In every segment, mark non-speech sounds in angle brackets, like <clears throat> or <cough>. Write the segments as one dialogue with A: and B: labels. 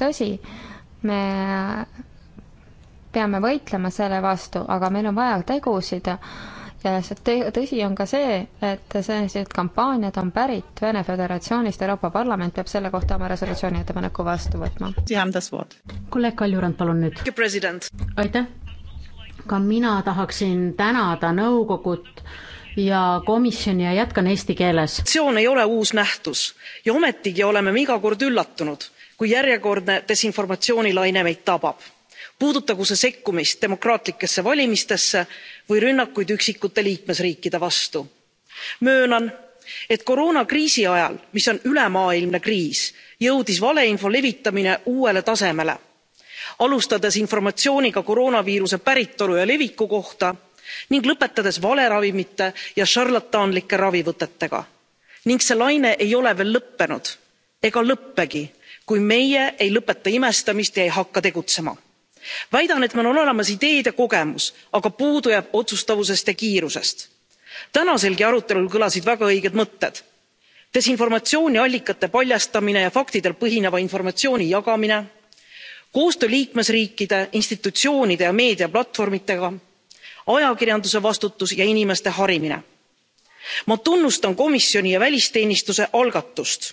A: tõsi, me peame võitlema selle vastu, aga meil on vaja tegusid ja see tõsi on ka see, et sellised kampaaniad on pärit Vene Föderatsioonist, Euroopa Parlament peab selle kohta oma resolutsiooni ettepaneku vastu võtma. kolleeg Kaljurand, palun nüüd. aitäh. ka mina
B: tahaksin tänada nõukogut ja komisjoni ja jätkan eesti keeles.
C: ei ole uus nähtus ja ometigi oleme me iga kord üllatunud kui järjekordne desinformatsioonilaine meid tabab puudutagu see sekkumist demokraatlikesse valimistesse või rünnakuid üksikute liikmesriikide vastu. möönan et koroonakriisi ajal mis on ülemaailmne kriis jõudis valeinfo levitamine uuele tasemele alustades informatsiooniga koroonaviiruse päritolu ja leviku kohta ning lõpetades valeravimite ja šarlatanlike ravivõtetega ning see laine ei ole veel lõppenud ega lõppegi kui meie ei lõpeta imestamist ja ei hakka tegutsema. väidan et meil on olemas ideed ja kogemus aga puudu jääb otsustavusest ja kiirusest. tänaselgi arutelul kõlasid väga õiged mõtted desinformatsiooni allikate paljastamine ja faktidel põhineva informatsiooni jagamine koostöö liikmesriikide institutsioonide ja meediaplatvormidega ajakirjanduse vastutus ja inimeste harimine. ma tunnustan komisjoni ja välisteenistuse algatust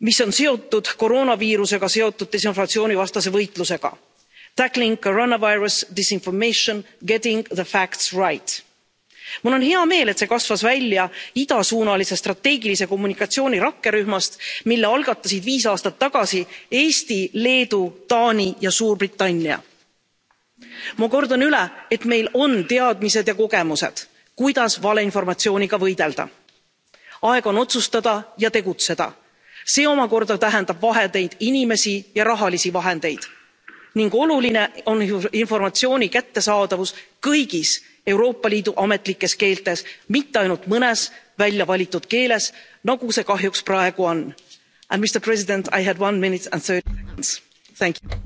C: mis on seotud koroonaviirusega seotud desinformatsioonivastase võitlusega tackling coronavirus disinformation getting the facts right. mul on hea meel et see kasvas välja idasuunalise strateegilise kommunikatsiooni rakkerühmast mille algatasid viis aastat tagasi eesti leedu taani ja suurbritannia. ma kordan üle et meil on teadmised ja kogemused kuidas valeinformatsiooniga võidelda. aeg on otsustada ja tegutseda see omakorda tähendab vahendeid inimesi ja rahalisi vahendeid ning oluline on informatsiooni kättesaadavus kõigis euroopa liidu ametlikes keeltes mitte ainult mõnes väljavalitud keeles nagu see kahjuks praegu on.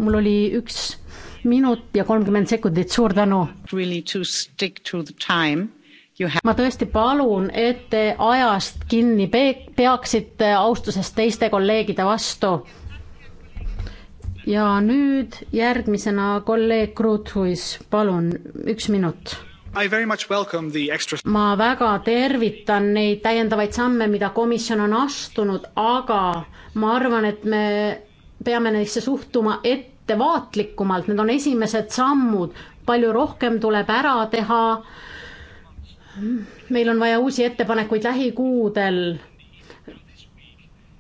B: mul oli üks minut ja kolmkümmend sekundit suur tänu ma tõesti palun, et te ajast kinni peaksite austusest teiste kolleegide vastu. ja nüüd järgmisena kolleeg Kruuthuis, palun, üks
C: minut Extra...
B: ma väga tervitan neid täiendavaid samme, mida komisjon on astunud, aga ma arvan, et me peame neisse suhtuma ettevaatlikumalt, need on esimesed sammud, palju rohkem tuleb ära teha meil on vaja uusi ettepanekuid lähikuudel.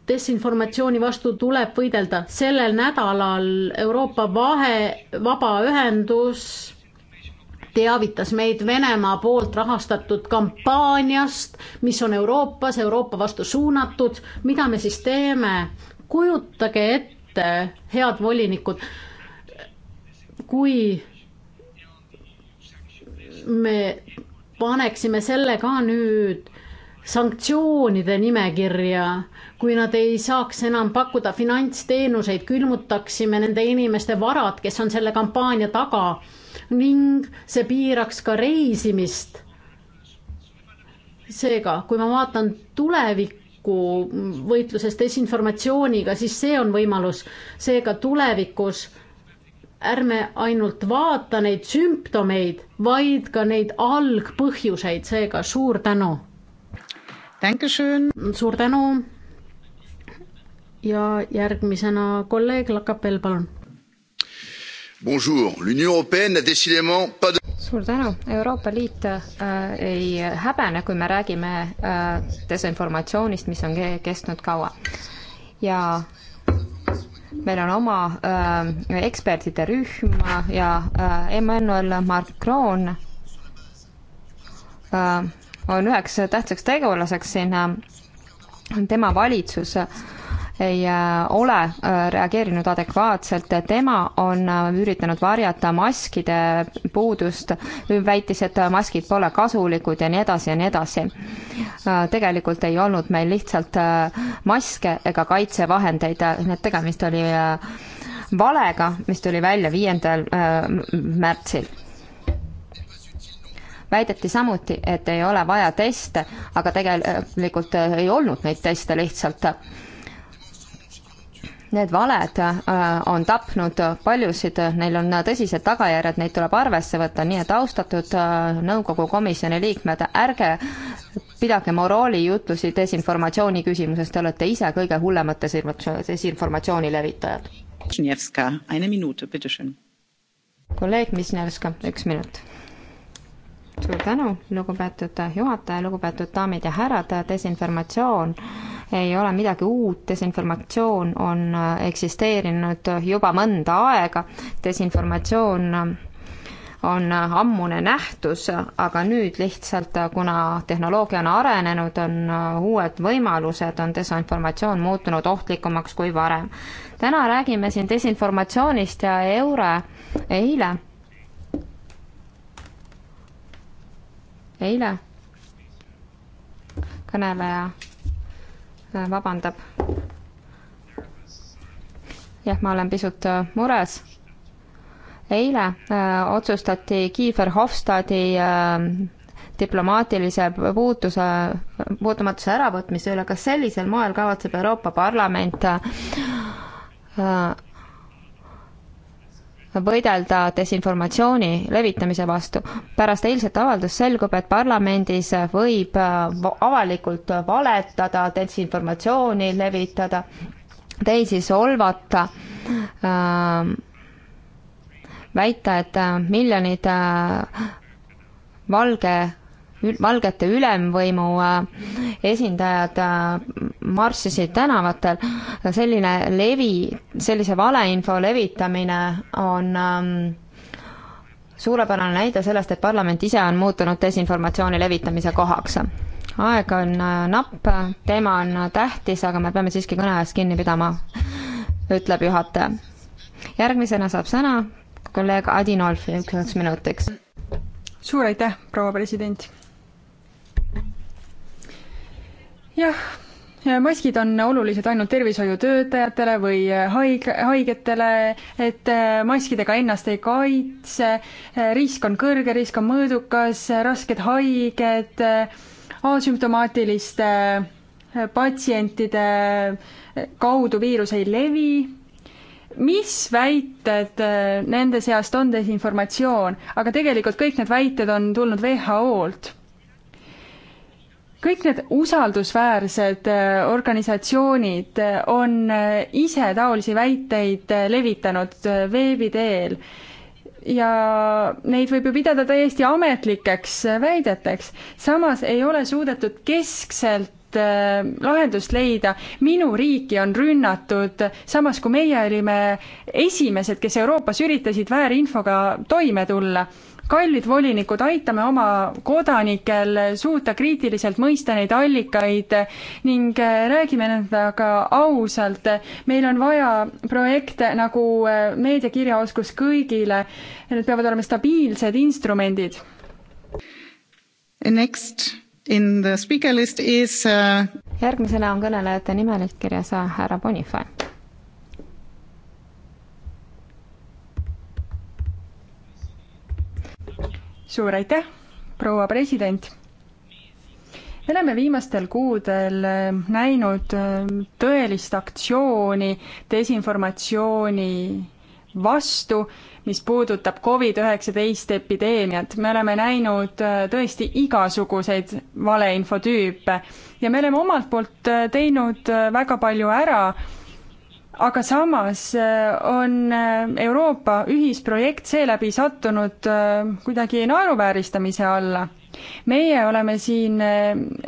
B: desinformatsiooni vastu tuleb võidelda. sellel nädalal Euroopa Vahe, Vabaühendus teavitas meid Venemaa poolt rahastatud kampaaniast, mis on Euroopas, Euroopa vastu suunatud. mida me siis teeme? kujutage ette, head volinikud, kui me paneksime selle ka nüüd sanktsioonide nimekirja, kui nad ei saaks enam pakkuda finantsteenuseid, külmutaksime nende inimeste varad, kes on selle kampaania taga ning see piiraks ka reisimist. seega, kui ma vaatan tulevikku võitluses desinformatsiooniga, siis see on võimalus, seega tulevikus ärme ainult vaata neid sümptomeid, vaid ka neid algpõhjuseid, seega suur tänu. suur tänu. ja järgmisena kolleeg
A: Lakapell, palun. Bonjour, l'Union européenne n'a décidément pas de suur tänu, Euroopa Liit äh, ei häbene, kui me räägime äh, desinformatsioonist, mis on ke kestnud kaua. ja meil on oma äh, ekspertide rühm ja äh, Emmanuel Macron äh, on üheks tähtsaks tegelaseks siin äh,, tema valitsus äh, ei äh, ole äh, reageerinud adekvaatselt, tema on äh, üritanud varjata maskide puudust, väitis, et maskid pole kasulikud ja nii edasi ja nii edasi. tegelikult ei olnud meil lihtsalt maske ega kaitsevahendeid, nii et tegemist oli valega, mis tuli välja viiendal märtsil väideti samuti, et ei ole vaja teste, aga tegelikult ei olnud neid teste lihtsalt need valed äh, on tapnud paljusid, neil on tõsised tagajärjed, neid tuleb arvesse võtta, nii et austatud äh, nõukogu komisjoni liikmed, ärge pidage moraalijutlusi desinformatsiooni küsimuses, te olete ise kõige hullemad desinformatsiooni levitajad. kolleeg Misnevska, üks minut suur tänu, lugupeetud juhataja, lugupeetud daamid ja härrad, desinformatsioon ei ole midagi uut, desinformatsioon on äh, eksisteerinud äh, juba mõnda aega, desinformatsioon äh, on ammune nähtus, aga nüüd lihtsalt, kuna tehnoloogia on arenenud, on uued võimalused, on desinformatsioon muutunud ohtlikumaks kui varem. täna räägime siin desinformatsioonist ja eure eile eile kõneleja Äh, vabandab. jah, ma olen pisut äh, mures. eile äh, otsustati Kiefer Hofstadi äh, diplomaatilise puutuse, puutumatuse äravõtmise üle, kas sellisel moel kavatseb Euroopa Parlament äh, võidelda desinformatsiooni levitamise vastu. pärast eilset avaldust selgub, et parlamendis võib äh, avalikult valetada, desinformatsiooni levitada, teisi solvata äh,, väita, et äh, miljonid äh, valge valgete ülemvõimu äh, esindajad äh, marssisid tänavatel. selline levi, sellise valeinfo levitamine on ähm, suurepärane näide sellest, et parlament ise on muutunud desinformatsiooni levitamise kohaks. aeg on äh, napp, teema on tähtis, aga me peame siiski kõneajast kinni pidama, ütleb juhataja. järgmisena saab sõna kolleeg Adinolfi üks minutiks. suur aitäh, proua president
D: jah, maskid on olulised ainult tervishoiutöötajatele või haig-, haigetele, et maskidega ennast ei kaitse, risk on kõrge, risk on mõõdukas, rasked haiged, asümptomaatiliste patsientide kaudu viirus ei levi, mis väited nende seast on desinformatsioon, aga tegelikult kõik need väited on tulnud WHO-lt kõik need usaldusväärsed äh, organisatsioonid äh, on äh, ise taolisi väiteid levitanud veebi teel ja neid võib ju pidada täiesti ametlikeks väideteks. samas ei ole suudetud keskselt lahendust leida, minu riiki on rünnatud, samas kui meie olime esimesed, kes Euroopas üritasid väärinfoga toime tulla kallid volinikud, aitame oma kodanikel suuta kriitiliselt mõista neid allikaid ning eh, räägime nendega ausalt. meil on vaja projekte nagu eh, meediakirjaoskus kõigile, need peavad olema stabiilsed instrumendid.
A: Next in the speaker list is uh... järgmisena on kõnelejate nimel kirjas härra Bonifay
D: suur aitäh, proua president! me oleme viimastel kuudel äh, näinud äh, tõelist aktsiooni desinformatsiooni vastu, mis puudutab Covid-19 epideemiat. me oleme näinud äh, tõesti igasuguseid valeinfotüüpe ja me oleme omalt poolt teinud väga palju ära aga samas äh, on äh, Euroopa ühisprojekt seeläbi sattunud äh, kuidagi naeruvääristamise alla. meie oleme siin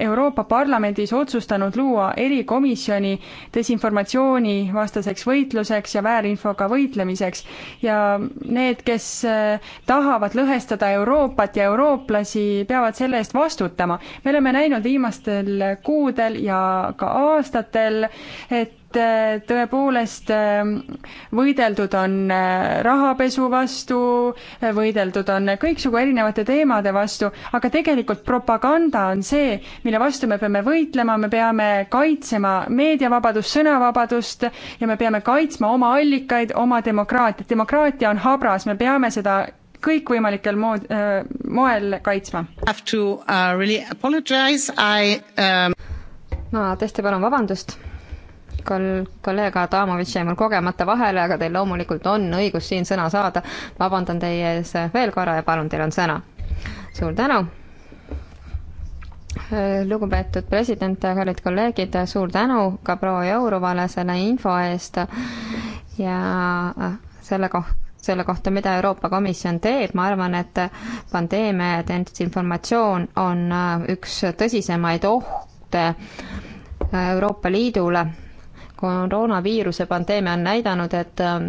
D: Euroopa Parlamendis otsustanud luua erikomisjoni desinformatsiooni vastaseks võitluseks ja väärinfoga võitlemiseks ja need, kes tahavad lõhestada Euroopat ja eurooplasi, peavad selle eest vastutama. me oleme näinud viimastel kuudel ja ka aastatel, et et äh, tõepoolest äh, võideldud on äh, rahapesu vastu, võideldud on kõiksugu erinevate teemade vastu, aga tegelikult propaganda on see, mille vastu me peame võitlema, me peame kaitsema meediavabadust, sõnavabadust ja me peame kaitsma oma allikaid, oma demokraatiat. demokraatia on habras, me peame seda kõikvõimalikel mood- äh,,
A: moel kaitsma. Have to uh, really apologize, I um.... no tõesti, palun vabandust kol-, kolleeg Adamovitš jäi mul kogemata vahele, aga teil loomulikult on õigus siin sõna saada. vabandan teie ees veel korra ja palun, teil on sõna. suur tänu! lugupeetud president, kallid kolleegid, suur tänu ka proua Jourovale selle info eest ja selle kohta selle kohta, mida Euroopa Komisjon teeb, ma arvan, et pandeemia ja desinformatsioon on üks tõsisemaid ohte Euroopa Liidule koroonaviiruse pandeemia on näidanud, et ähm,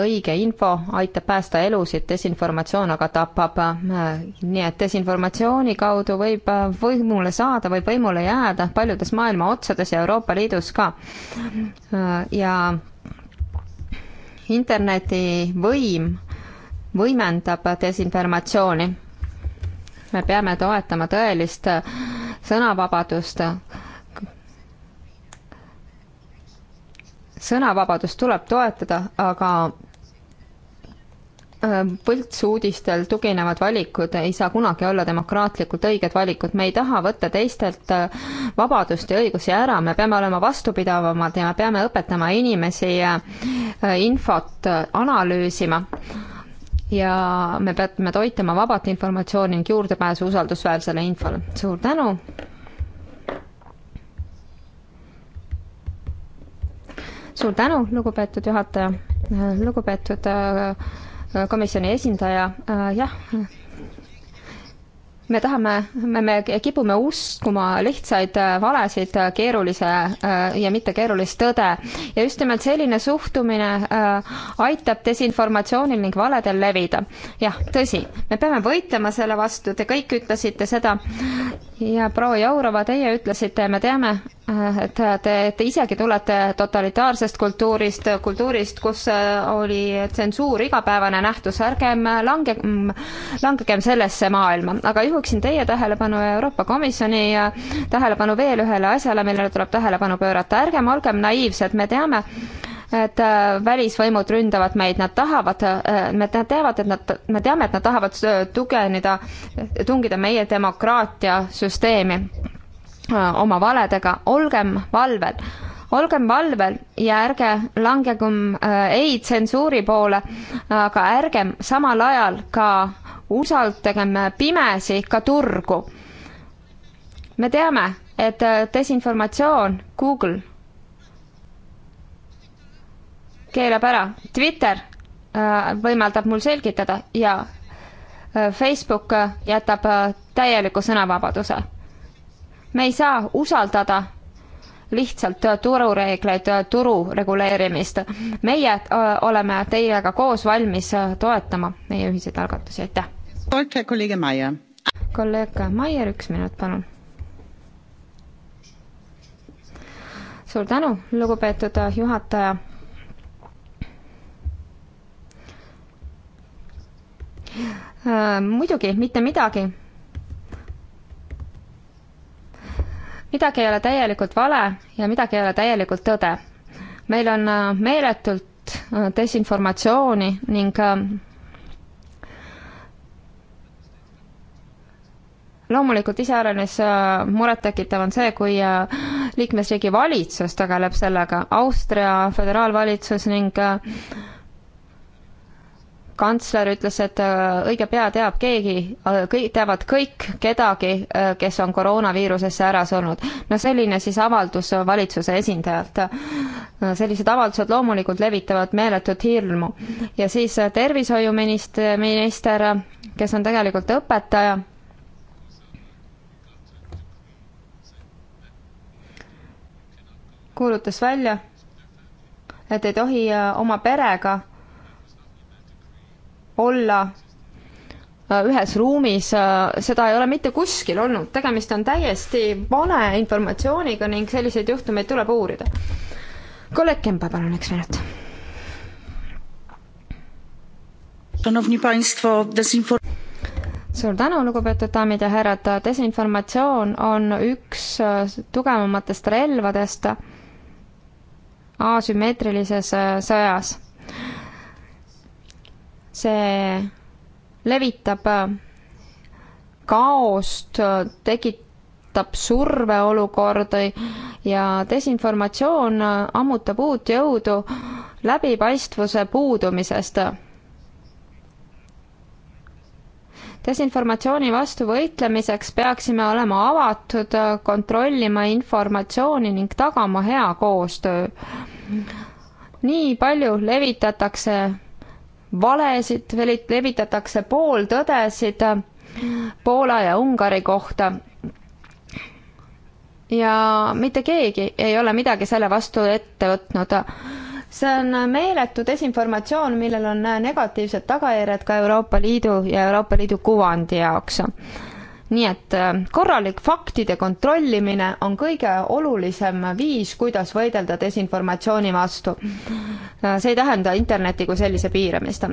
A: õige info aitab päästa elusid, desinformatsioon aga tapab. Äh, nii et desinformatsiooni kaudu võib äh, võimule saada, võib võimule jääda paljudes maailma otsades ja Euroopa Liidus ka. Äh, ja interneti võim võimendab desinformatsiooni. me peame toetama tõelist sõnavabadust sõnavabadust tuleb toetada, aga äh, võltsuudistel tuginevad valikud ei saa kunagi olla demokraatlikult õiged valikud, me ei taha võtta teistelt äh, vabadust ja õigusi ära, me peame olema vastupidavamad ja me peame õpetama inimesi äh, infot analüüsima ja me peame toitama vabat informatsiooni ning juurdepääsu usaldusväärsele infole. suur tänu! suur tänu, lugupeetud juhataja, lugupeetud äh, komisjoni esindaja, äh, jah, me tahame, me, me kipume uskuma lihtsaid äh, valesid, keerulise ja mittekeerulist tõde. ja just nimelt selline suhtumine aitab desinformatsioonil ning valedel levida. jah, tõsi, me peame võitlema selle vastu, te kõik ütlesite seda, ja proua Jourova, teie ütlesite, me teame, äh, et te, te isegi tulete totalitaarsest kultuurist, kultuurist, kus äh, oli tsensuur igapäevane nähtus, ärgem lange, langegem sellesse maailma. aga juhiksin teie tähelepanu ja Euroopa Komisjoni äh, tähelepanu veel ühele asjale, millele tuleb tähelepanu pöörata, ärgem olgem naiivsed, me teame, et äh, välisvõimud ründavad meid, nad tahavad, äh, me teavad, et nad, me teame, et nad tahavad äh, tugevneda, tungida meie demokraatia süsteemi oma valedega, olgem valvel, olgem valvel ja ärge langegem ei tsensuuri poole, aga ärgem samal ajal ka usaldagem pimesi ka turgu. me teame, et desinformatsioon, Google keelab ära. Twitter äh, võimaldab mul selgitada ja äh, Facebook äh, jätab täieliku sõnavabaduse. me ei saa usaldada lihtsalt turureegleid, turu reguleerimist. meie oleme teiega koos valmis toetama meie ühiseid algatusi, aitäh. kolleeg Maier, üks minut, palun. suur tänu, lugupeetud juhataja Äh, muidugi, mitte midagi. midagi ei ole täielikult vale ja midagi ei ole täielikult tõde. meil on äh, meeletult äh, desinformatsiooni ning loomulikult iseäranis murettekitav on see, kui liikmesriigi valitsus tegeleb sellega, Austria föderaalvalitsus ning äh, kantsler ütles, et äh, õige pea teab keegi, äh, kõik teavad kõik kedagi, äh, kes on koroonaviirusesse ära surnud. no selline siis avaldus valitsuse esindajalt. sellised avaldused loomulikult levitavad meeletut hirmu. ja siis tervishoiuminist-, minister, kes on tegelikult õpetaja, kuulutas välja, et ei tohi oma perega olla äh, ühes ruumis, äh, seda ei ole mitte kuskil olnud, tegemist on täiesti valeinformatsiooniga ning selliseid juhtumeid tuleb uurida. kolleeg Kempa, palun üks minut. suur tänu, lugupeetud daamid ja härrad, desinformatsioon on üks äh, tugevamatest relvadest asümmeetrilises sõjas see levitab äh, kaost, äh, tekitab surveolukorda ja desinformatsioon äh, ammutab uut jõudu läbipaistvuse puudumisest. desinformatsiooni vastu võitlemiseks peaksime olema avatud, kontrollima informatsiooni ning tagama hea koostöö. nii palju levitatakse valesid, levitatakse pooltõdesid Poola ja Ungari kohta. ja mitte keegi ei ole midagi selle vastu ette võtnud. see on meeletu desinformatsioon, millel on negatiivsed tagajärjed ka Euroopa Liidu ja Euroopa Liidu kuvandi jaoks nii et äh, korralik faktide kontrollimine on kõige olulisem viis, kuidas võidelda desinformatsiooni vastu. Äh, see ei tähenda interneti kui sellise piiramist.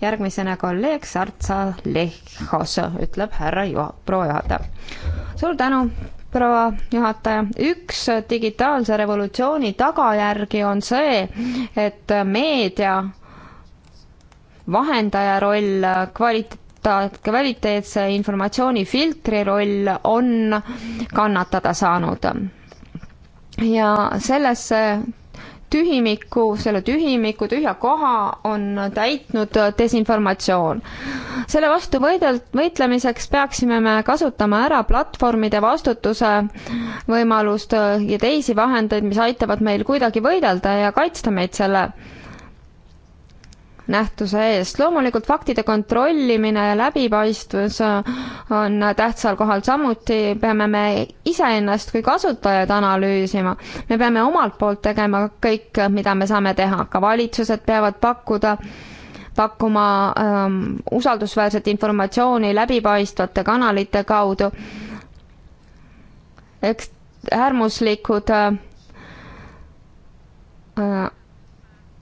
A: järgmisena kolleeg Sartsa Lehhos, ütleb härra juha-, proua juhataja. suur tänu, proua juhataja. üks digitaalse revolutsiooni tagajärgi on see, et meedia vahendaja roll kvaliteet ta kvaliteetse informatsiooni filtri roll on kannatada saanud. ja sellesse tühimiku, selle tühimiku tühja koha on täitnud desinformatsioon. selle vastu võidel-, võitlemiseks peaksime me kasutama ära platvormide vastutuse võimalust ja teisi vahendeid, mis aitavad meil kuidagi võidelda ja kaitsta meid selle nähtuse eest. loomulikult faktide kontrollimine ja läbipaistvus on tähtsal kohal, samuti peame me iseennast kui kasutajaid analüüsima. me peame omalt poolt tegema kõik, mida me saame teha, ka valitsused peavad pakkuda pakkuma ähm, usaldusväärset informatsiooni läbipaistvate kanalite kaudu. eks äärmuslikud äh,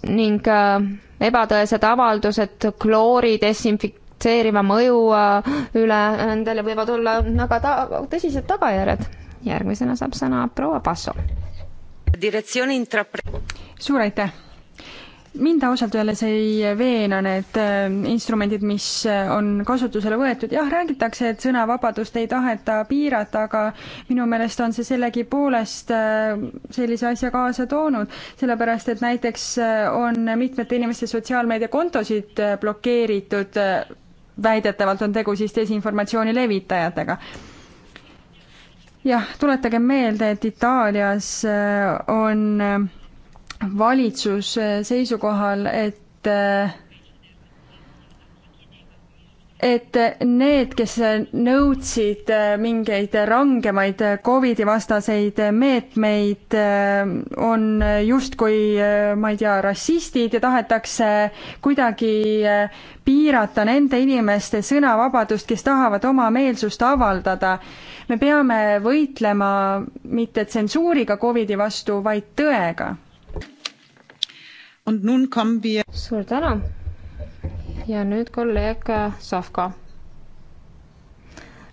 A: ning äh, ebatõesed avaldused kloori desinfitseeriva mõju äh, üle, nendele võivad olla väga ta-, tõsised tagajärjed. järgmisena saab sõna proua Passo. suur aitäh! mind ausalt öeldes
D: ei veena need äh, instrumendid, mis äh, on kasutusele võetud, jah, räägitakse, et sõnavabadust ei taheta piirata, aga minu meelest on see sellegipoolest äh, sellise asja kaasa toonud, sellepärast et näiteks on mitmete inimeste sotsiaalmeediakontosid blokeeritud, väidetavalt on tegu siis desinformatsiooni levitajatega jah, tuletagem meelde, et Itaalias on valitsus seisukohal, et et need, kes nõudsid mingeid rangemaid Covidi vastaseid meetmeid, on justkui, ma ei tea, rassistid ja tahetakse kuidagi piirata nende inimeste sõnavabadust, kes tahavad oma meelsust avaldada. me peame võitlema mitte tsensuuriga Covidi vastu, vaid tõega suur
A: tänu ja nüüd kolleeg Savka.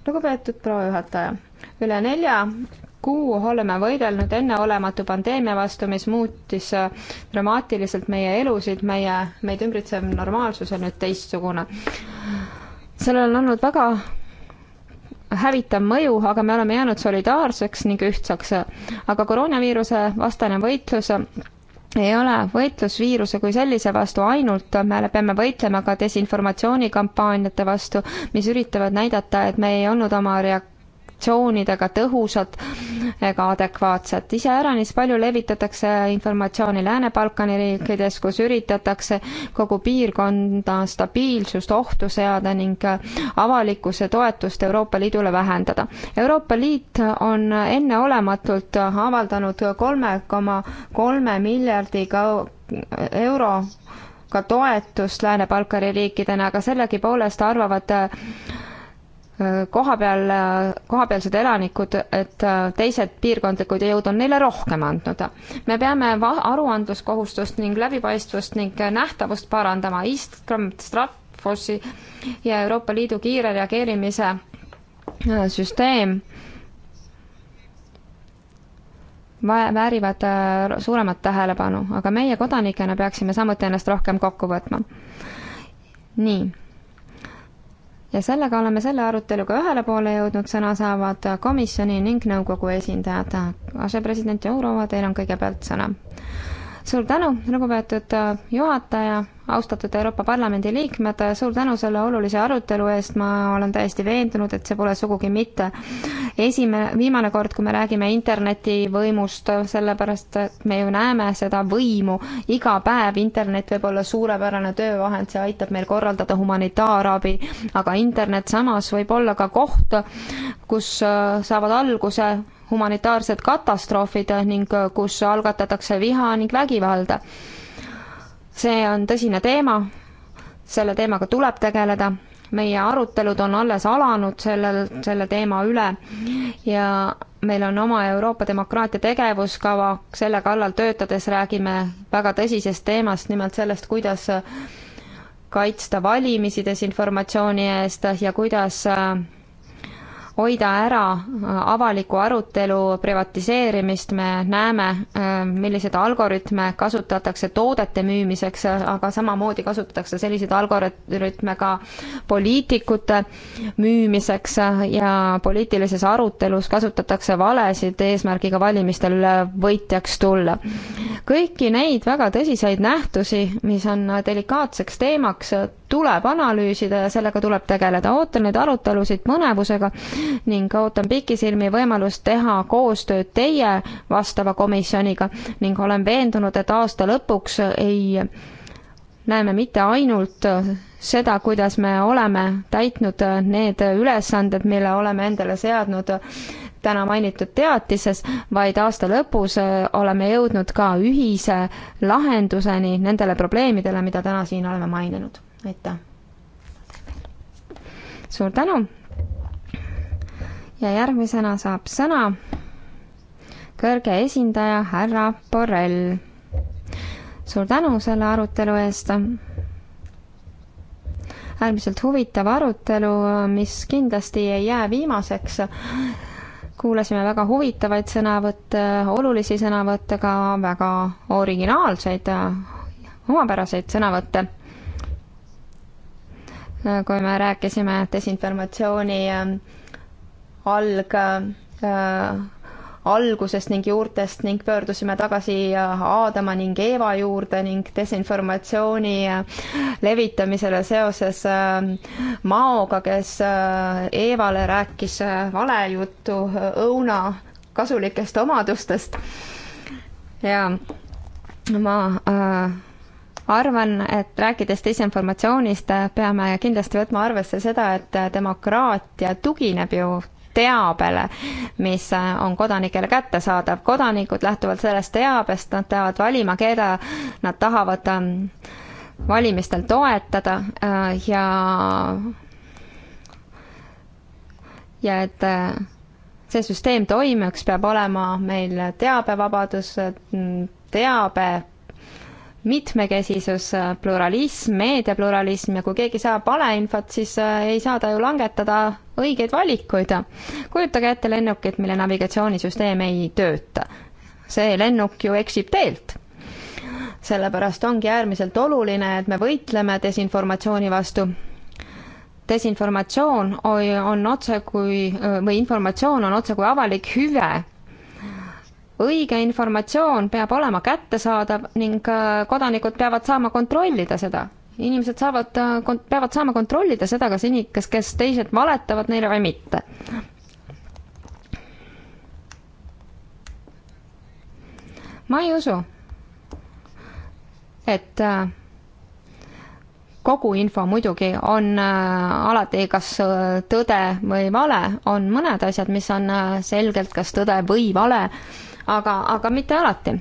A: lugupeetud proua juhataja, üle nelja kuu oleme võidelnud enneolematu pandeemia vastu, mis muutis äh, dramaatiliselt meie elusid, meie, meid ümbritsev normaalsus on nüüd teistsugune. sellel on olnud väga hävitav mõju, aga me oleme jäänud solidaarseks ning ühtsaks. aga koroonaviiruse vastane võitlus ei ole võitlus viiruse kui sellise vastu ainult, me peame võitlema ka desinformatsioonikampaaniate vastu, mis üritavad näidata, et me ei olnud oma reak-, sanktsioonidega tõhusad ega adekvaatsed. iseäranis palju levitatakse informatsiooni Lääne-Balkani riikides, kus üritatakse kogu piirkonda stabiilsust ohtu seada ning avalikkuse toetust Euroopa Liidule vähendada. Euroopa Liit on enneolematult avaldanud kolme koma kolme miljardiga euro ka toetust Lääne-Balkani riikidena, aga sellegipoolest arvavad kohapeal, kohapealsed elanikud, et äh, teised piirkondlikud jõud on neile rohkem andnud. me peame va-, aruandluskohustust ning läbipaistvust ning nähtavust parandama, Instagram, Strapfossi ja Euroopa Liidu kiire reageerimise äh, süsteem väärivad äh, suuremat tähelepanu, aga meie kodanikena peaksime samuti ennast rohkem kokku võtma. nii ja sellega oleme selle aruteluga ühele poole jõudnud, sõna saavad komisjoni ning nõukogu esindajad. asepresident Jourova, teil on kõigepealt sõna suur tänu, lugupeetud äh, juhataja, austatud Euroopa Parlamendi liikmed, äh, suur tänu selle olulise arutelu eest, ma olen täiesti veendunud, et see pole sugugi mitte esimene, viimane kord, kui me räägime internetivõimust, äh, sellepärast et me ju näeme seda võimu iga päev, internet võib olla suurepärane töövahend, see aitab meil korraldada humanitaarabi, aga internet samas võib olla ka koht, kus saavad alguse humanitaarsed katastroofid ning äh, kus algatatakse viha ning vägivalda. see on tõsine teema, selle teemaga tuleb tegeleda, meie arutelud on alles alanud sellel, selle teema üle ja meil on oma Euroopa demokraatia tegevuskava, selle kallal töötades räägime väga tõsisest teemast, nimelt sellest, kuidas kaitsta valimisi desinformatsiooni eest ja kuidas äh, hoida ära äh, avaliku arutelu privatiseerimist, me näeme, äh, milliseid algoritme kasutatakse toodete müümiseks, äh, aga samamoodi kasutatakse selliseid algoritme ka poliitikute müümiseks ja poliitilises arutelus kasutatakse valesid eesmärgiga valimistel võitjaks tulla. kõiki neid väga tõsiseid nähtusi, mis on delikaatseks teemaks, tuleb analüüsida ja sellega tuleb tegeleda. ootan neid arutelusid mõnevusega ning ootan pikisilmi võimalust teha koostööd teie vastava komisjoniga ning olen veendunud, et aasta lõpuks ei näeme mitte ainult seda, kuidas me oleme täitnud need ülesanded, mille oleme endale seadnud täna mainitud teatises, vaid aasta lõpus oleme jõudnud ka ühise lahenduseni nendele probleemidele, mida täna siin oleme maininud aitäh! suur tänu! ja järgmisena saab sõna kõrge esindaja härra Borrell. suur tänu selle arutelu eest! äärmiselt huvitav arutelu, mis kindlasti ei jää viimaseks. kuulasime väga huvitavaid sõnavõtte, olulisi sõnavõtte, ka väga originaalseid, omapäraseid sõnavõtte kui me rääkisime desinformatsiooni ähm, alg äh, algusest ning juurtest ning pöördusime tagasi äh, Aadama ning Eeva juurde ning desinformatsiooni äh, levitamisele seoses Maoga, kes Eevale rääkis valejuttu õuna kasulikest omadustest. ja ma äh, arvan, et rääkides desinformatsioonist, peame kindlasti võtma arvesse seda, et demokraatia tugineb ju teabele, mis on kodanikele kättesaadav. kodanikud lähtuvalt sellest teabest, nad peavad valima, keda nad tahavad ähm, valimistel toetada äh, ja ja et äh, see süsteem toimiks, peab olema meil teabevabadus, äh, teabe mitmekesisus, äh, pluralism, meediapluralism ja kui keegi saab valeinfot, siis äh, ei saa ta ju langetada õigeid valikuid. kujutage ette lennukit, mille navigatsioonisüsteem ei tööta. see lennuk ju eksib teelt sellepärast ongi äärmiselt oluline, et me võitleme desinformatsiooni vastu. desinformatsioon on otse kui, või informatsioon on otse kui avalik hüve õige informatsioon peab olema kättesaadav ning äh, kodanikud peavad saama kontrollida seda. inimesed saavad, äh, peavad saama kontrollida seda, kas ini-, kas, kes teised valetavad neile või mitte. ma ei usu, et äh, kogu info muidugi on alati kas tõde või vale, on mõned asjad, mis on selgelt kas tõde või vale aga, aga mitte alati.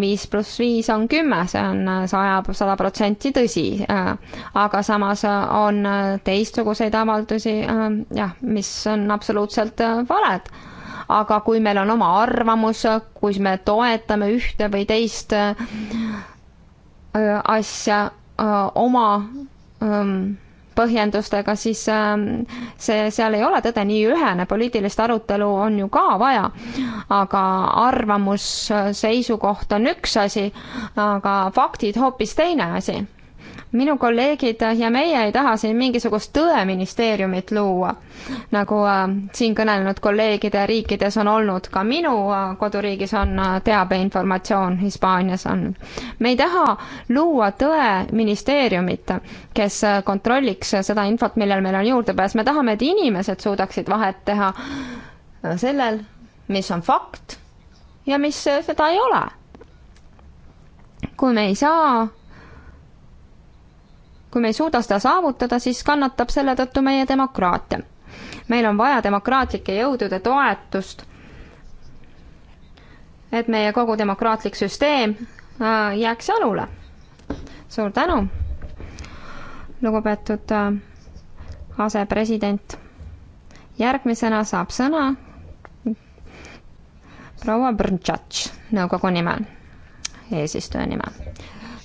A: viis pluss viis on kümme, see on äh, saja, sada protsenti tõsi. Äh, aga samas äh, on teistsuguseid avaldusi, jah, mis on absoluutselt valed aga kui meil on oma arvamus, kui me toetame ühte või teist asja oma ähm, põhjendustega, siis ähm, see, seal ei ole tõde nii ühene, poliitilist arutelu on ju ka vaja. aga arvamus, seisukoht on üks asi, aga faktid hoopis teine asi minu kolleegid ja meie ei taha siin mingisugust tõeministeeriumit luua, nagu äh, siin kõnelenud kolleegide riikides on olnud, ka minu äh, koduriigis on äh, teabeinformatsioon Hispaanias on. me ei taha luua tõeministeeriumit, kes kontrolliks seda infot, millel meil on juurdepääs, me tahame, et inimesed suudaksid vahet teha sellel, mis on fakt ja mis seda ei ole. kui me ei saa kui me ei suuda seda saavutada, siis kannatab selle tõttu meie demokraatia. meil on vaja demokraatlike jõudude toetust, et meie kogu demokraatlik süsteem äh, jääks jalule. suur tänu, lugupeetud äh, asepresident. järgmisena saab sõna proua Brntšatš nõukogu nimel, eesistuja nimel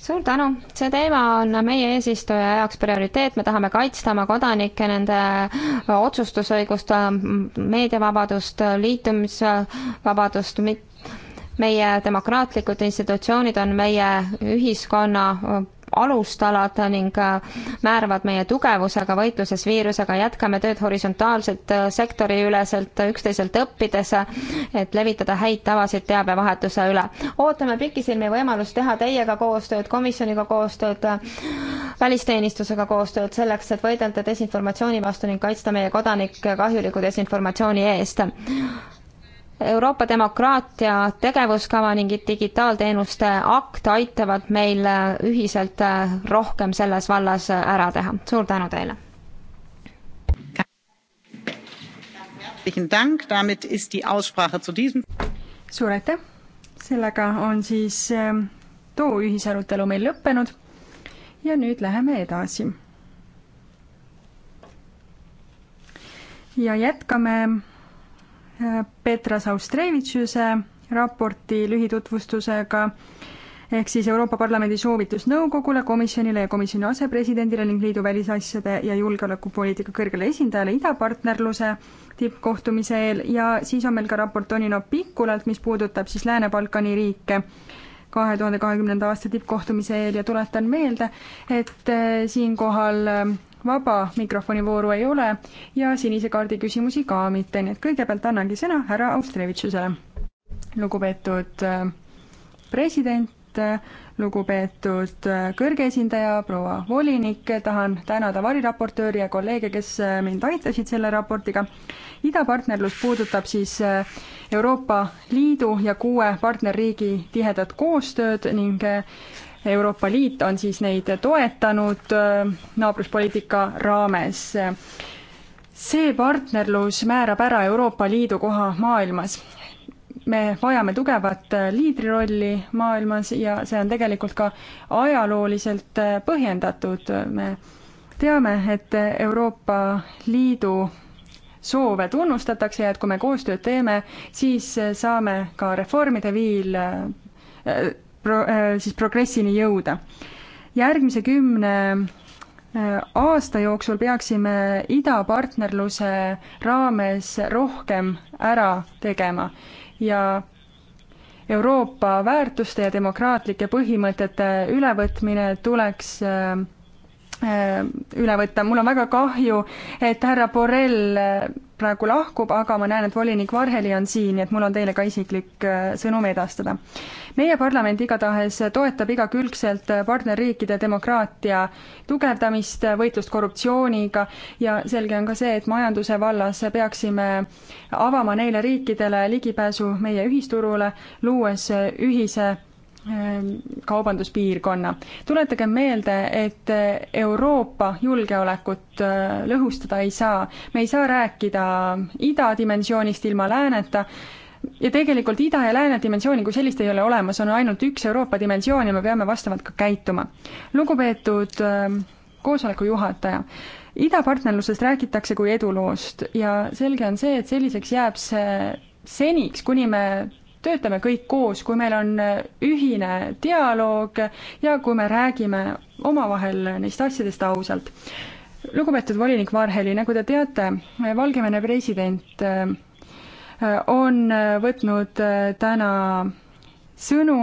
A: suur tänu, see teema on meie eesistuja jaoks prioriteet, me tahame kaitsta oma kodanikke, nende otsustusõigust, meediavabadust, liitumisvabadust, meie demokraatlikud institutsioonid on meie ühiskonna alustalad ning äh, määravad meie tugevusega võitluses viirusega, jätkame tööd horisontaalselt, äh, sektoriüleselt, üksteiselt õppides, et levitada häid tavasid teabevahetuse üle. ootame pikisilmi võimalust teha teiega koostööd, komisjoniga koostööd, välisteenistusega koostööd selleks, et võidelda desinformatsiooni vastu ning kaitsta meie kodanikke kahjuliku desinformatsiooni eest Euroopa demokraatia tegevuskava ning digitaalteenuste akt aitavad meil äh, ühiselt äh, rohkem selles vallas äh, ära teha. suur tänu teile!
D: suur aitäh! sellega on siis ähm, too ühisarutelu meil lõppenud ja nüüd läheme edasi. ja jätkame Petra Saustrevitšuse raporti lühitutvustusega ehk siis Euroopa Parlamendi soovitus nõukogule, komisjonile ja komisjoni asepresidendile ning liidu välisasjade ja julgeolekupoliitika kõrgele esindajale idapartnerluse tippkohtumise eel ja siis on meil ka raport Onino Pikulalt, mis puudutab siis Lääne-Balkani riike kahe tuhande kahekümnenda aasta tippkohtumise eel ja tuletan meelde, et eh, siinkohal vaba mikrofoni vooru ei ole ja sinise kaardi küsimusi ka mitte, nii et kõigepealt annangi sõna härra Austrevitšusele. lugupeetud äh, president, äh, lugupeetud äh, kõrge esindaja, proua volinik, tahan tänada variraportööri ja kolleege, kes mind aitasid selle raportiga. idapartnerlus puudutab siis Euroopa Liidu ja kuue partnerriigi tihedat koostööd ning Euroopa Liit on siis neid toetanud äh, naabruspoliitika raames. see partnerlus määrab ära Euroopa Liidu koha maailmas. me vajame tugevat äh, liidrirolli maailmas ja see on tegelikult ka ajalooliselt äh, põhjendatud, me teame, et Euroopa Liidu soove tunnustatakse ja et kui me koostööd teeme, siis saame ka reformide viil pro-, äh, siis progressini jõuda. järgmise kümne äh, aasta jooksul peaksime idapartnerluse raames rohkem ära tegema ja Euroopa väärtuste ja demokraatlike põhimõtete ülevõtmine tuleks äh, Äh, üle võtta. mul on väga kahju, et härra Borrell äh, praegu lahkub, aga ma näen, et volinik Varheli on siin, nii et mul on teile ka isiklik äh, sõnum edastada. meie parlament igatahes toetab igakülgselt partnerriikide demokraatia tugevdamist, võitlust korruptsiooniga ja selge on ka see, et majanduse vallas peaksime avama neile riikidele ligipääsu meie ühisturule, luues ühise Ähm, kaubanduspiirkonna. tuletage meelde, et äh, Euroopa julgeolekut äh, lõhustada ei saa. me ei saa rääkida idadimensioonist ilma lääneta ja tegelikult ida ja lääne dimensiooni kui sellist ei ole olemas, on ainult üks Euroopa dimensioon ja me peame vastavalt ka käituma. lugupeetud ähm, koosoleku juhataja, idapartnerlusest räägitakse kui eduloost ja selge on see, et selliseks jääb see seniks, kuni me töötame kõik koos, kui meil on ühine dialoog ja kui me räägime omavahel neist asjadest ausalt. lugupeetud volinik Varheli, nagu te teate, Valgevene president äh, on äh, võtnud äh, täna sõnu,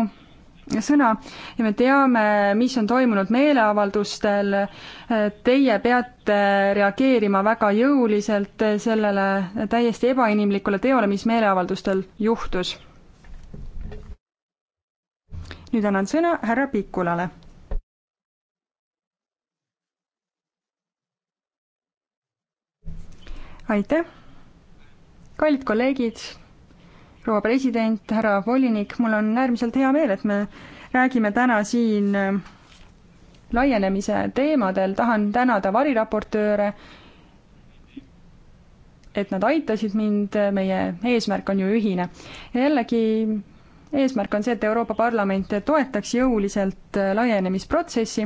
D: sõna ja me teame, mis on toimunud meeleavaldustel. Teie peate reageerima väga jõuliselt sellele täiesti ebainimlikule teole, mis meeleavaldustel juhtus nüüd annan sõna härra Pikulale. aitäh, kallid kolleegid, proua president, härra volinik, mul on äärmiselt hea meel, et me räägime täna siin äh, laienemise teemadel, tahan tänada variraportööre, et nad aitasid mind, äh, meie eesmärk on ju ühine. jällegi eesmärk on see, et Euroopa Parlament toetaks jõuliselt laienemisprotsessi,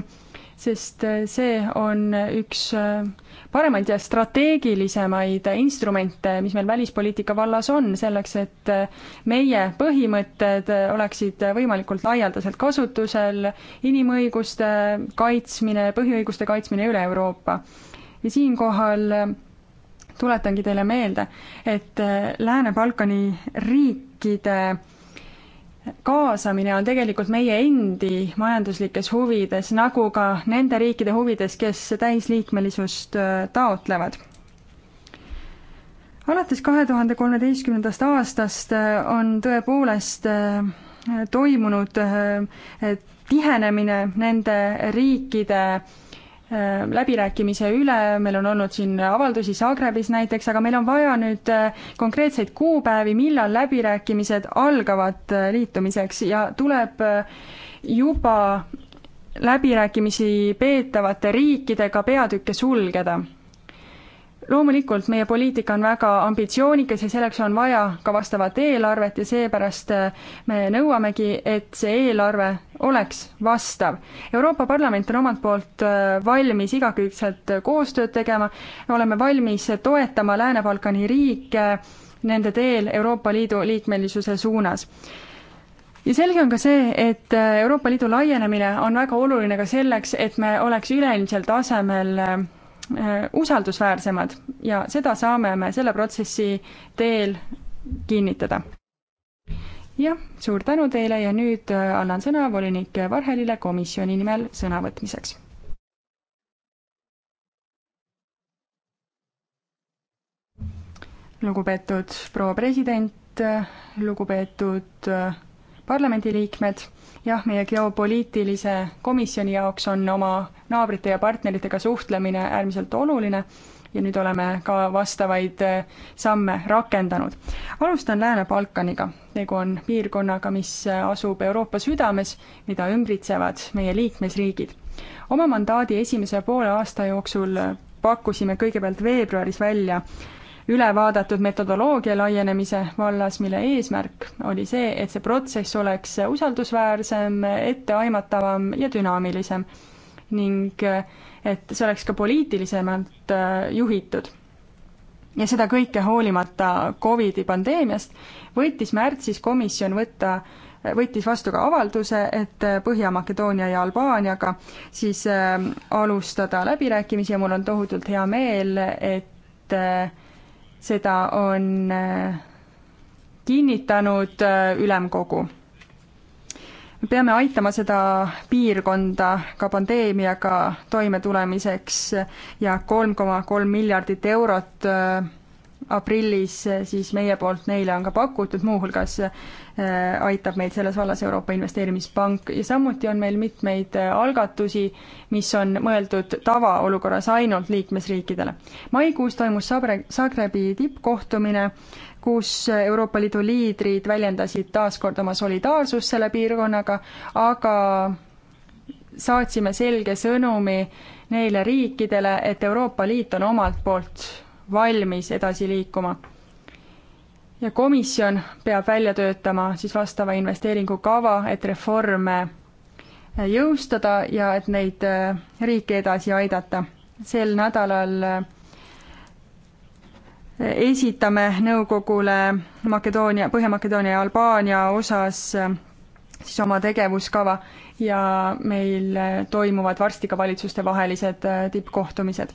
D: sest see on üks äh, paremaid ja strateegilisemaid instrumente, mis meil välispoliitika vallas on, selleks et äh, meie põhimõtted oleksid võimalikult laialdaselt kasutusel, inimõiguste kaitsmine, põhiõiguste kaitsmine üle Euroopa. ja siinkohal äh, tuletangi teile meelde, et Lääne-Balkani riikide kaasamine on tegelikult meie endi majanduslikes huvides, nagu ka nende riikide huvides, kes täisliikmelisust äh, taotlevad alates kahe tuhande kolmeteistkümnendast aastast äh, on tõepoolest äh, toimunud tihenemine nende riikide Äh, läbirääkimise üle, meil on olnud siin avaldusi Zagrebis näiteks, aga meil on vaja nüüd äh, konkreetseid kuupäevi, millal läbirääkimised algavad äh, liitumiseks ja tuleb juba läbirääkimisi peetavate riikidega peatükke sulgeda loomulikult meie poliitika on väga ambitsioonikas ja selleks on vaja ka vastavat eelarvet ja seepärast äh, me nõuamegi, et see eelarve oleks vastav. Euroopa Parlament on omalt poolt äh, valmis igakülgselt koostööd tegema, oleme valmis toetama Lääne-Balkani riike nende teel Euroopa Liidu liikmelisuse suunas ja selge on ka see, et äh, Euroopa Liidu laienemine on väga oluline ka selleks, et me oleks üleilmsel tasemel Äh, usaldusväärsemad ja seda saame me selle protsessi teel kinnitada. jah, suur tänu teile ja nüüd äh, annan sõna volinik Varhelile komisjoni nimel sõnavõtmiseks. lugupeetud proua president, lugupeetud äh, parlamendiliikmed, jah, meie geopoliitilise komisjoni jaoks on oma naabrite ja partneritega suhtlemine äärmiselt oluline ja nüüd oleme ka vastavaid eh, samme rakendanud. alustan Lääne-Balkaniga. tegu on piirkonnaga, mis eh, asub Euroopa südames, mida ümbritsevad meie liikmesriigid. oma mandaadi esimese poole aasta jooksul eh, pakkusime kõigepealt veebruaris välja üle vaadatud metodoloogia laienemise vallas, mille eesmärk oli see, et see protsess oleks usaldusväärsem, etteaimatavam ja dünaamilisem. ning et see oleks ka poliitilisemalt äh, juhitud. ja seda kõike hoolimata Covidi pandeemiast võttis märtsis komisjon võtta võttis vastu ka avalduse, et Põhja-Makedoonia ja Albaaniaga siis äh, alustada läbirääkimisi ja mul on tohutult hea meel, et äh, seda on äh, kinnitanud äh, ülemkogu. me peame aitama seda piirkonda ka pandeemiaga toimetulemiseks ja kolm koma kolm miljardit eurot äh, aprillis siis meie poolt neile on ka pakutud, muuhulgas äh, aitab meid selles vallas Euroopa Investeerimispank ja samuti on meil mitmeid äh, algatusi, mis on mõeldud tavaolukorras ainult liikmesriikidele. maikuus toimus Sabre, Zagrebi tippkohtumine, kus Euroopa Liidu liidrid väljendasid taas kord oma solidaarsust selle piirkonnaga, aga saatsime selge sõnumi neile riikidele, et Euroopa Liit on omalt poolt valmis edasi liikuma. ja komisjon peab välja töötama siis vastava investeeringukava, et reforme jõustada ja et neid äh, riike edasi aidata. sel nädalal äh, esitame nõukogule Makedoonia, Põhja-Makedoonia ja Albaania osas äh, siis oma tegevuskava ja meil toimuvad varsti ka valitsustevahelised tippkohtumised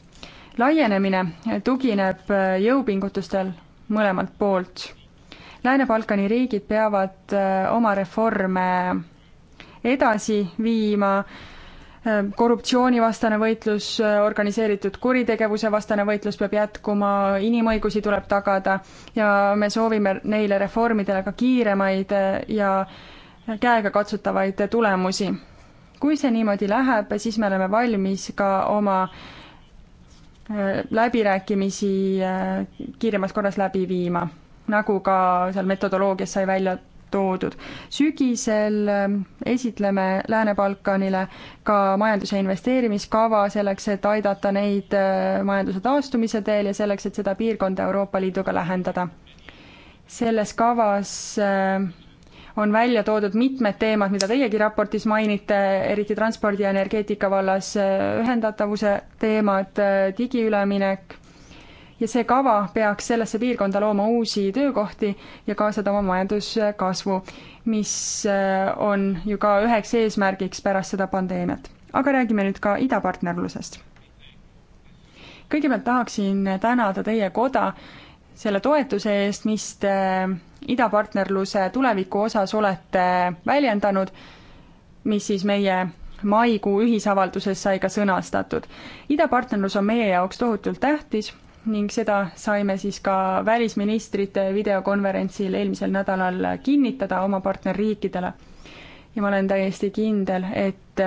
D: laienemine tugineb jõupingutustel mõlemalt poolt. Lääne-Balkani riigid peavad äh, oma reforme edasi viima, äh, korruptsioonivastane võitlus, äh, organiseeritud kuritegevuse vastane võitlus peab jätkuma, inimõigusi tuleb tagada ja me soovime neile reformidele ka kiiremaid ja käegakatsutavaid tulemusi. kui see niimoodi läheb, siis me oleme valmis ka oma läbirääkimisi äh, kiiremas korras läbi viima, nagu ka seal metodoloogias sai välja toodud. sügisel äh, esitleme Lääne-Balkanile ka majanduse investeerimiskava selleks, et aidata neid äh, majanduse taastumise teel ja selleks, et seda piirkonda Euroopa Liiduga lähendada. selles kavas äh, on välja toodud mitmed teemad, mida teiegi raportis mainite, eriti transpordi ja energeetika vallas, äh, ühendatavuse teemad, äh, digiüleminek, ja see kava peaks sellesse piirkonda looma uusi töökohti ja kaasa oma majanduskasvu, mis äh, on ju ka üheks eesmärgiks pärast seda pandeemiat. aga räägime nüüd ka idapartnerlusest kõigepealt tahaksin tänada teie koda selle toetuse eest, mis te idapartnerluse tuleviku osas olete väljendanud, mis siis meie maikuu ühisavalduses sai ka sõnastatud. idapartnerlus on meie jaoks tohutult tähtis ning seda saime siis ka välisministrite videokonverentsil eelmisel nädalal kinnitada oma partnerriikidele. ja ma olen täiesti kindel, et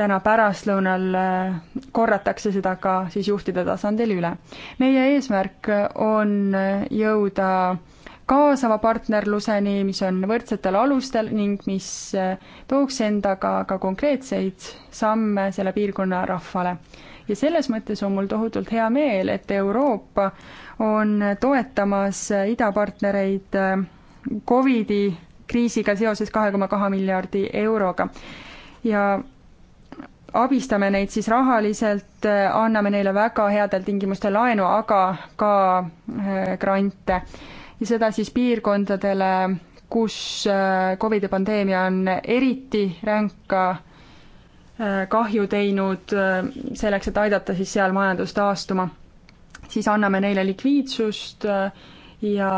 D: täna pärastlõunal äh, korratakse seda ka siis juhtide tasandil üle. meie eesmärk on äh, jõuda kaasava partnerluseni, mis on võrdsetel alustel ning mis äh, tooks endaga ka konkreetseid samme selle piirkonna rahvale. ja selles mõttes on mul tohutult hea meel, et Euroopa on toetamas idapartnereid Covidi kriisiga seoses kahe koma kahe miljardi euroga ja abistame neid siis rahaliselt, anname neile väga headel tingimustel laenu, aga ka äh, grante. ja seda siis piirkondadele, kus äh, Covidi pandeemia on eriti ränka äh, kahju teinud, selleks, et aidata siis seal majandus taastuma. siis anname neile likviidsust ja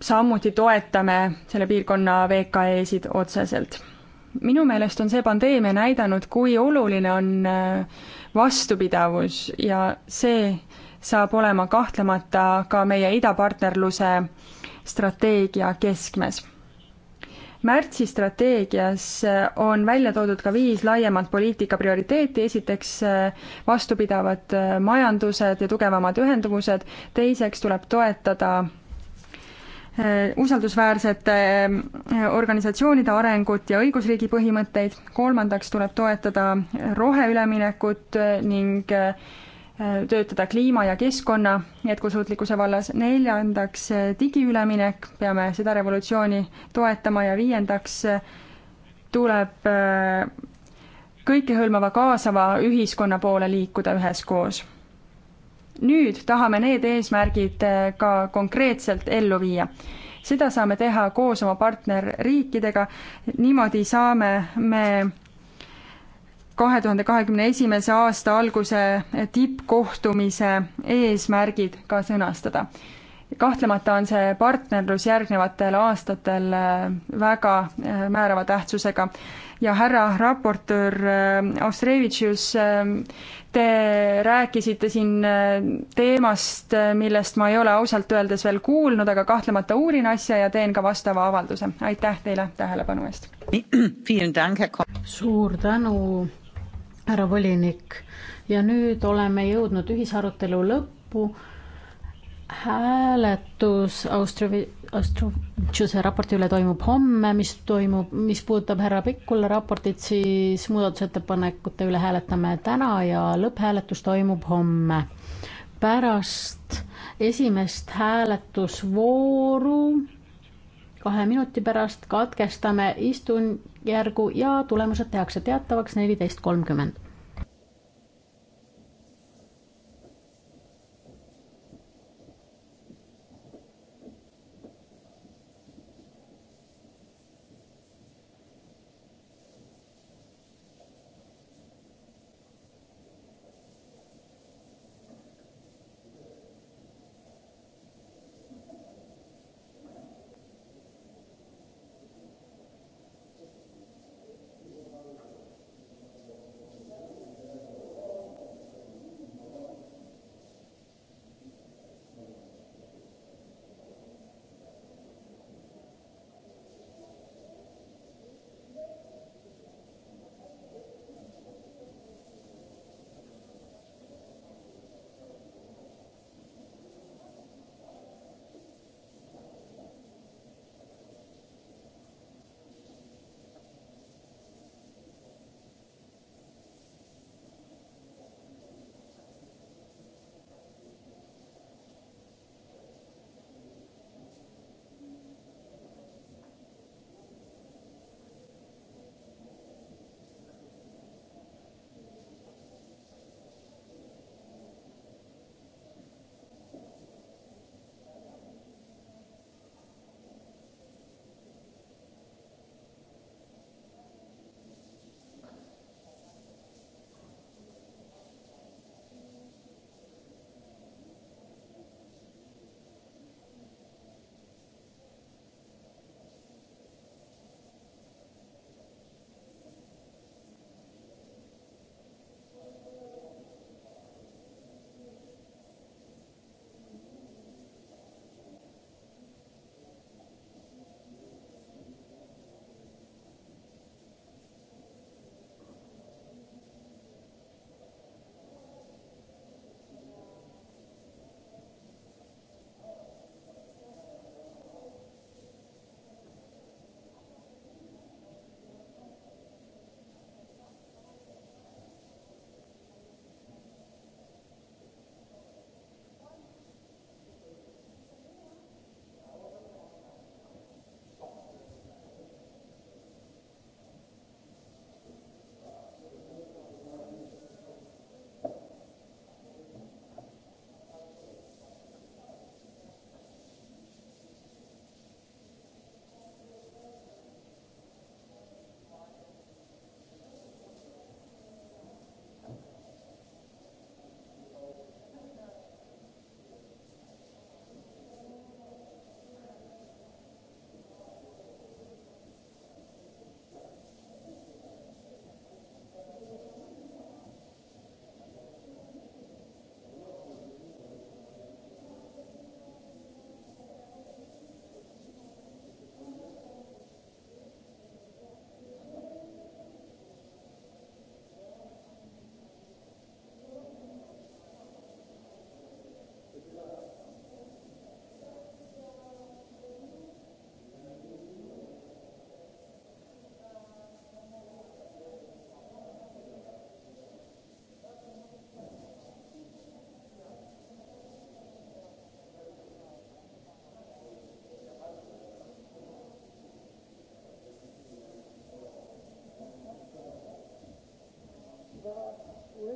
D: samuti toetame selle piirkonna VKE-sid otseselt minu meelest on see pandeemia näidanud, kui oluline on äh, vastupidavus ja see saab olema kahtlemata ka meie idapartnerluse strateegia keskmes. märtsi strateegias äh, on välja toodud ka viis laiemat poliitika prioriteeti, esiteks äh, vastupidavad majandused ja tugevamad ühenduvused, teiseks tuleb toetada Eh, usaldusväärsete eh, organisatsioonide arengut ja õigusriigi põhimõtteid, kolmandaks tuleb toetada roheüleminekut eh, ning töötada kliima ja keskkonna jätkusuutlikkuse vallas, neljandaks digiüleminek, peame seda revolutsiooni toetama ja viiendaks tuleb kõikehõlmava kaasava ühiskonna poole liikuda üheskoos nüüd tahame need eesmärgid äh, ka konkreetselt ellu viia. seda saame teha koos oma partnerriikidega, niimoodi saame me kahe tuhande kahekümne esimese aasta alguse tippkohtumise eesmärgid ka sõnastada. kahtlemata on see partnerlus järgnevatel aastatel äh, väga äh, määrava tähtsusega ja härra raportöör Austrevitšius, Te rääkisite siin äh, teemast, äh, millest ma ei ole ausalt öeldes veel kuulnud, aga kahtlemata uurin asja ja teen ka vastava avalduse. aitäh teile tähelepanu eest!
B: <clears throat> suur tänu, härra volinik! ja nüüd oleme jõudnud ühisarutelu lõppu. hääletus Austria Ostrovtšuse raporti üle toimub homme, mis toimub, mis puudutab härra Pikkula raportit, siis muudatusettepanekute üle hääletame täna ja lõpphääletus toimub homme. pärast esimest hääletusvooru kahe minuti pärast katkestame istungjärgu ja tulemused tehakse teatavaks neliteist kolmkümmend.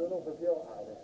E: 格弄回比较矮的。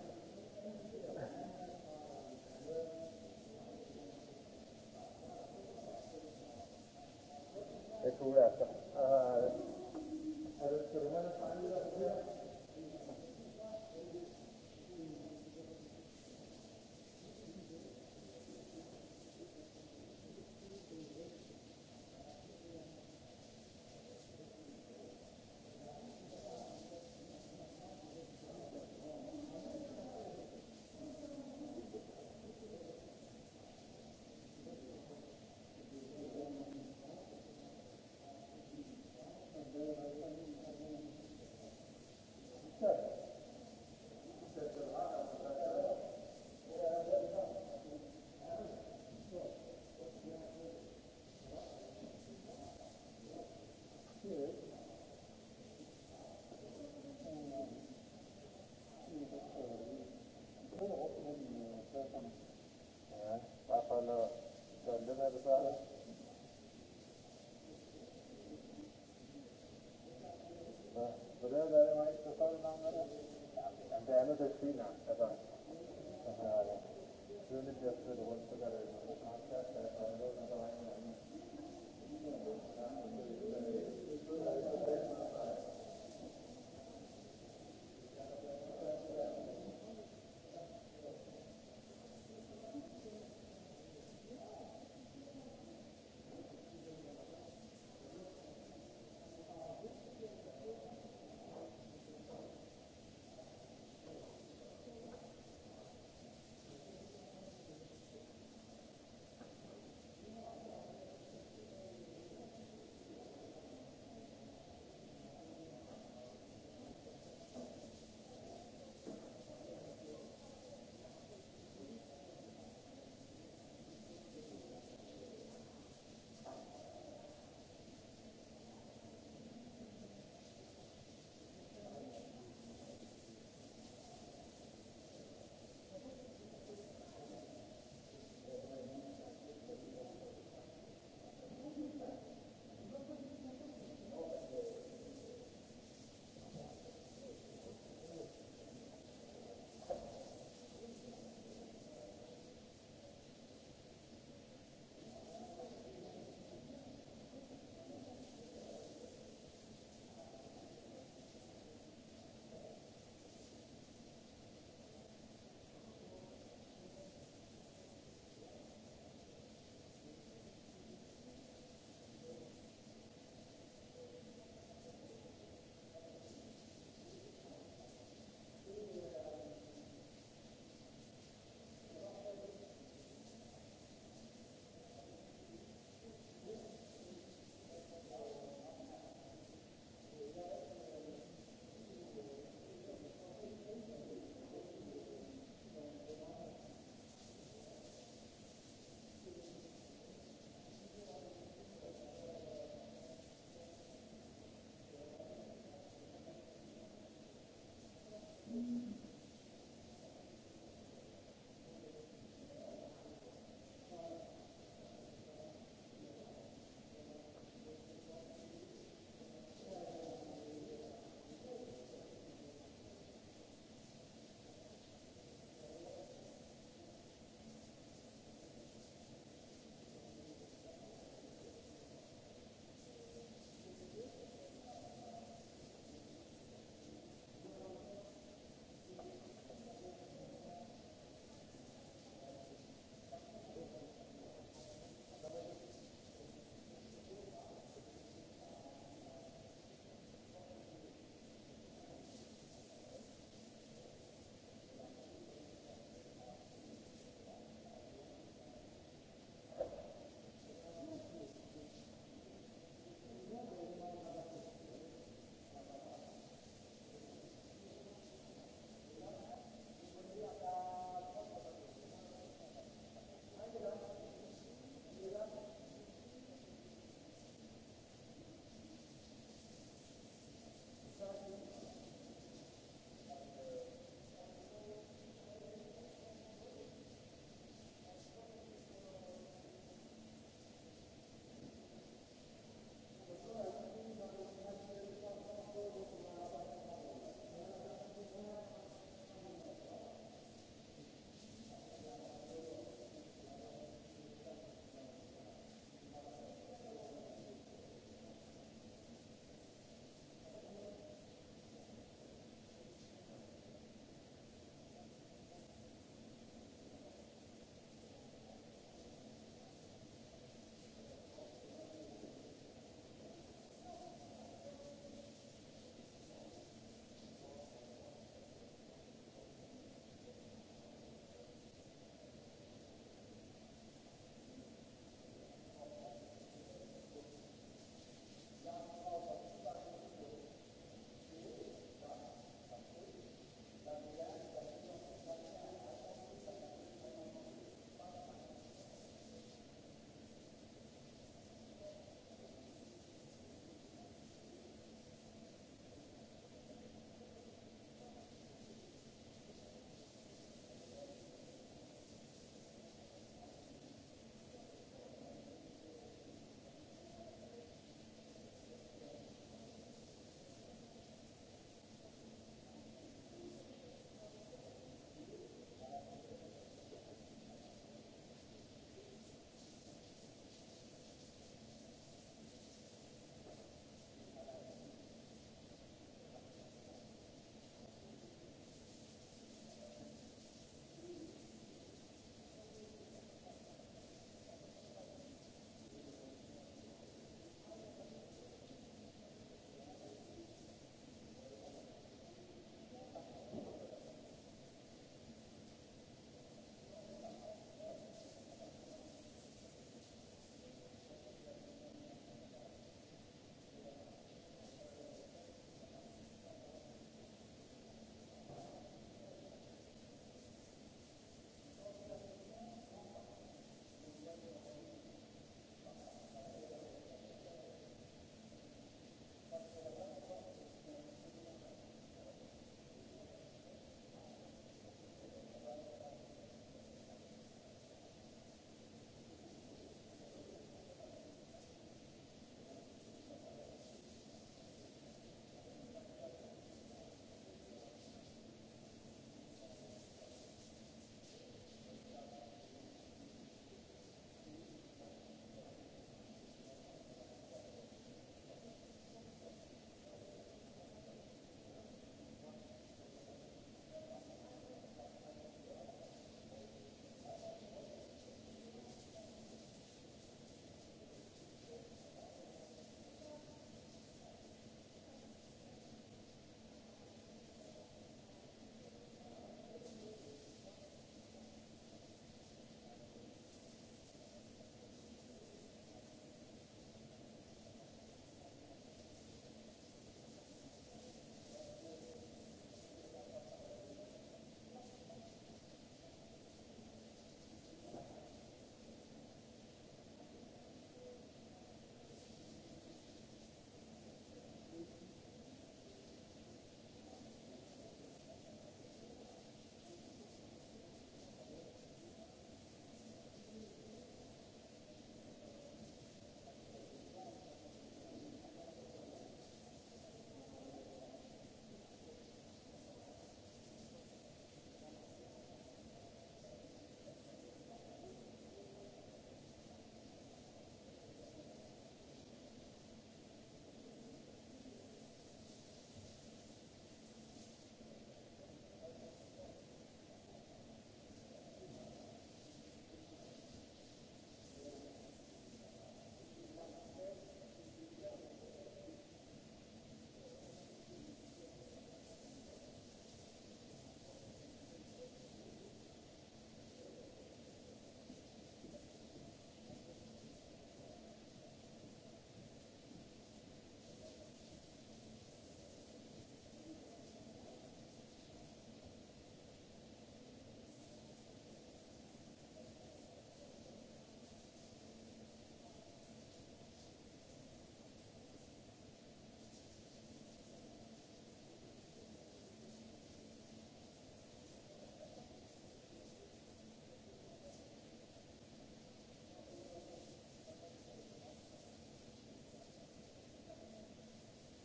E: för kvinnan.